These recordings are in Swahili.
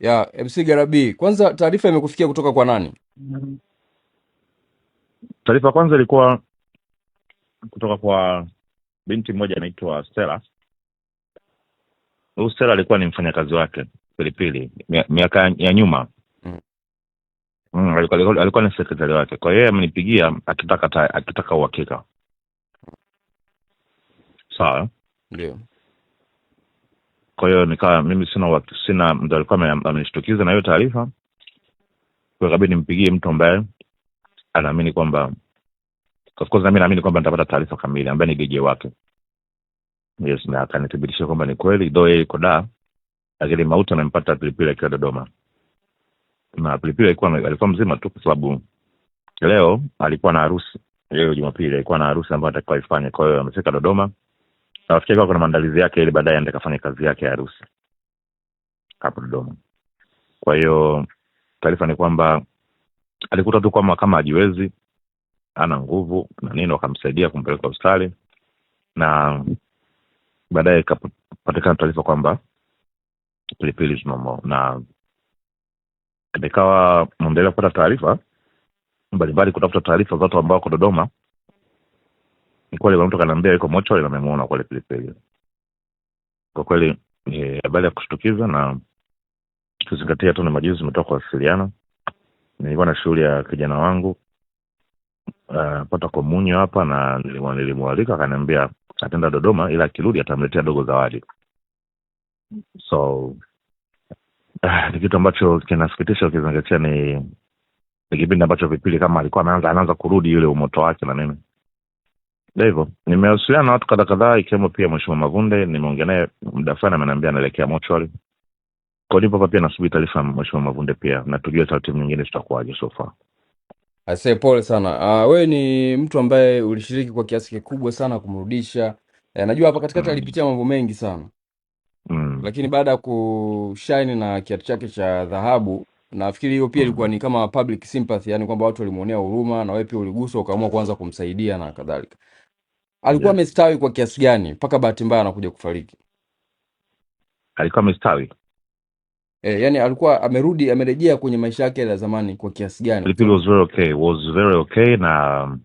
Ya MC Garabi, kwanza taarifa imekufikia kutoka kwa nani? Taarifa kwanza ilikuwa kutoka kwa binti mmoja anaitwa Stella. Huyu Stella alikuwa ni mfanyakazi wake Pilipili miaka ya nyuma mm. Mm, alikuwa, alikuwa ni sekretari wake, kwa hiyo yeye amenipigia akitaka akitaka uhakika. Mm. Sawa, ndio. Kwa hiyo nikawa mimi sina sina mtu alikuwa amenishtukiza na hiyo taarifa, kwa ikabidi nimpigie mtu ambaye anaamini kwamba of course nami naamini kwamba nitapata taarifa kamili, ambaye ni DJ wake. Yes, na akanithibitishia kwamba ni kweli, though yeye iko Dar, lakini mauti amempata Pilipili akiwa Dodoma, na Pilipili alikuwa alikuwa mzima tu, kwa sababu leo alikuwa na harusi, leo Jumapili alikuwa na harusi ambayo atakuwa ifanye. Kwa hiyo amefika Dodoma na nafikiri kwa kuna maandalizi yake ili baadaye aende kafanya kazi yake ya harusi hapo Dodoma. Kwa hiyo taarifa ni kwamba alikuta tu kwamba kama hajiwezi, ana nguvu na nini, wakamsaidia kumpeleka hospitali na baadaye ikapatikana taarifa kwamba Pilipili zimamo na nikawa mwendelea kupata taarifa mbalimbali, kutafuta taarifa za watu ambao wako Dodoma kweli kuna mtu kanaambia yuko mochari na amemuona kweli pilipili. Kwa kweli ni habari ya kushtukiza, na kuzingatia tu na majuzi umetoka kuwasiliana. Nilikuwa na shughuli ya kijana wangu uh, pata komunyo hapa, na nilimwalika akaniambia ataenda Dodoma, ila akirudi atamletea dogo zawadi. So uh, ni kitu ambacho kinasikitisha ukizingatia ni kipindi ambacho vipili kama alikuwa anaanza anaanza kurudi yule umoto wake na nini ndio hivyo, nimewasiliana na watu kadha kadhaa, ikiwemo pia mheshimiwa Mavunde, nimeongea naye muda fulani, ameniambia anaelekea mochwari kwa nipo hapa pia nasubiri taarifa ya mheshimiwa Mavunde pia na tujue taratibu nyingine zitakuwaje. So far asee, pole sana. Uh, ah, we ni mtu ambaye ulishiriki kwa kiasi kikubwa sana kumrudisha. Eh, najua hapa katikati mm. alipitia mambo mengi sana mm. lakini baada ya kushine na kiatu chake cha dhahabu, nafikiri hiyo pia mm. ilikuwa mm. ni kama public sympathy, yani kwamba watu walimwonea huruma na wewe pia uliguswa ukaamua kuanza kumsaidia na kadhalika alikuwa yeah. amestawi kwa kiasi gani mpaka bahati mbaya anakuja kufariki? Alikuwa amestawi e, yani alikuwa amerudi amerejea kwenye maisha yake ya zamani kwa kiasi gani? was very okay, was very okay na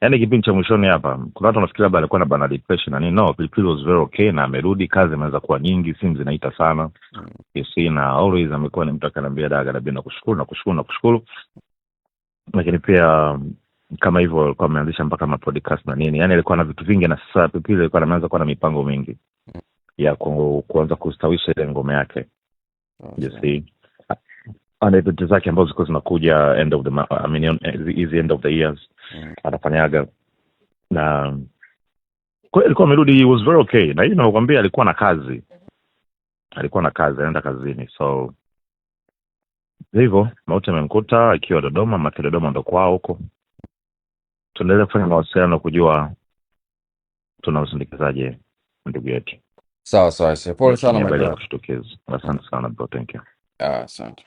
yani kipindi cha mwishoni hapa, kuna watu wanafikiri labda alikuwa na bana depression na No, Pilipili was very okay na amerudi, kazi imeweza kuwa nyingi, simu zinaita sana mm. you see, na always amekuwa ni mtu akanaambia daga, nakushukuru, nakushukuru, nakushukuru, lakini pia kama hivyo walikuwa wameanzisha mpaka mapodcast na nini, yani alikuwa na vitu vingi, na sasa pipili alikuwa ameanza kuwa na mipango mingi mm. ya ku, kuanza kustawisha ile ngoma yake okay. you see ana eventi zake ambazo zilikuwa zinakuja end of the I mean hizi end of the years mm. anafanyaga na kwa alikuwa amerudi he was very okay, na hii nakwambia, alikuwa na kazi, alikuwa na kazi, anaenda kazini, so hivyo mauti amemkuta akiwa Dodoma, make Dodoma ndo kwao huko tunaweza kufanya mawasiliano kujua tunamsindikizaje ndugu yetu. Sawa sawa, pole sana Asante sana bro, thank you. Ah, asante.